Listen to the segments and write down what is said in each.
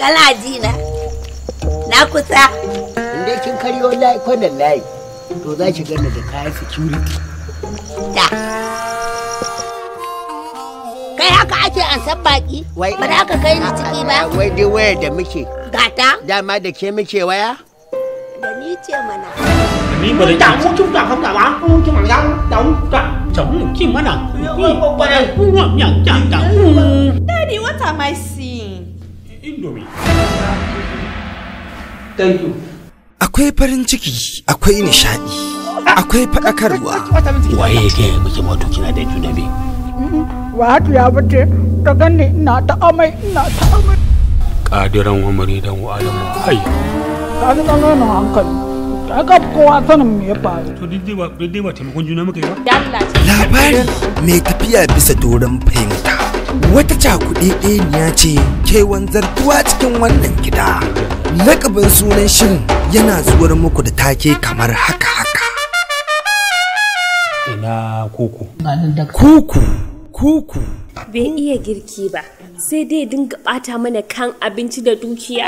Kana ji na? Na kusa. Inda kin karyo layi kwanan layi, to za ki gani da kayan security. ta Kai haka ake an san baki? Wai. Ba haka kai ni ciki ba? Wai dai waya da muke. Gata? Dama da ke muke waya? Da ni ce mana. Ni ba da ke. ta kin da haka ba? Kun kin da mu ka. Damu kin mana. Ni ba da mu wa ya ta. Daddy what am I saying? indomi thank you akwai farin ciki akwai nishadi akwai fadakarwa waye ya gaya miki wato kina da juna biyu mm-hmm. wato ya bace ta ganni ina ta amai ina ta amai kadiran wa maridan wa alamu hayya ka ga nan hankali kaga kowa sanin me ya faru. To dai ba dai ba taimakon juna muka yi ba. Labari mai tafiya bisa doron fahimta. wata cakuɗeɗeniya ce kewan zartuwa cikin wannan gida lakabin sunan shirin yana zuwar muku da take kamar haka haka ina kuku kuku kuku bai iya girki ba sai dai dinga ɓata mana kan abinci da dukiya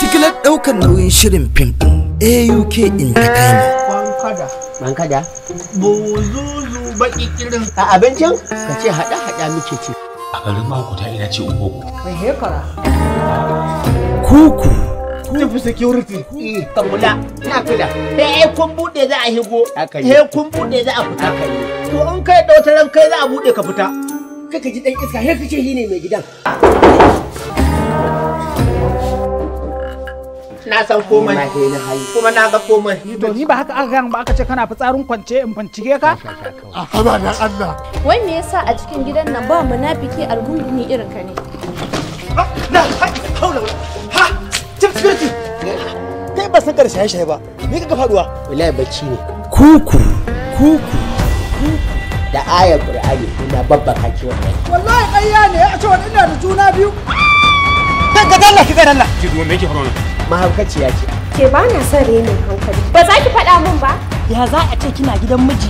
jigilar ɗaukar nauyin shirin fim auk entertainment da? bozo buzuzu baki kirin a abincin ka ce hada hada muke ci a garin mako ta ina ce ubogo mai hekara. kuku tafi security eh, ka kula na kula sai eh, eh, kun bude za a higo sai kun bude za a fita to in kai ran kai za a bude ka fita kai ka ji dan iska sai kace shi ne mai gidan na san komai kuma na ga komai to ni ba haka aka gan ba aka ce kana fitsarin kwance in bincike ka a ah, haba dan Allah wai me yasa a cikin gidan nan ba munafiki algungumi irin ka ne ah, na haula ha tafsirati kai ba san karshe shaye ba me kaga faduwa wallahi bacci ne kuku kuku da ayar Qur'ani ina babba kake wannan wallahi ƙarya ne a ce wannan ina da juna biyu kan ga dalla ki ga dalla ki duwa me yake faruwa mahaukaciya ce ke ba na son renin hankali ba za ki faɗa min ba ya za a ce kina gidan miji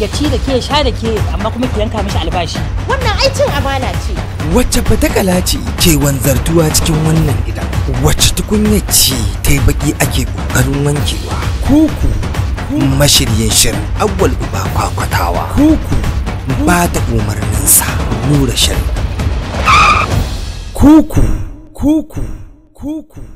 ya ci da ke ya sha da ke amma kuma ki yanka mishi albashi wannan ai amana ce wacce fatakala ce ke wanzartuwa cikin wannan gida wacce tukunya ce ta yi baki ake ƙoƙarin wankewa kuku mashiryin shirin awwal uba kwakwatawa kuku ba ta umarninsa nura shirin kuku kuku kuku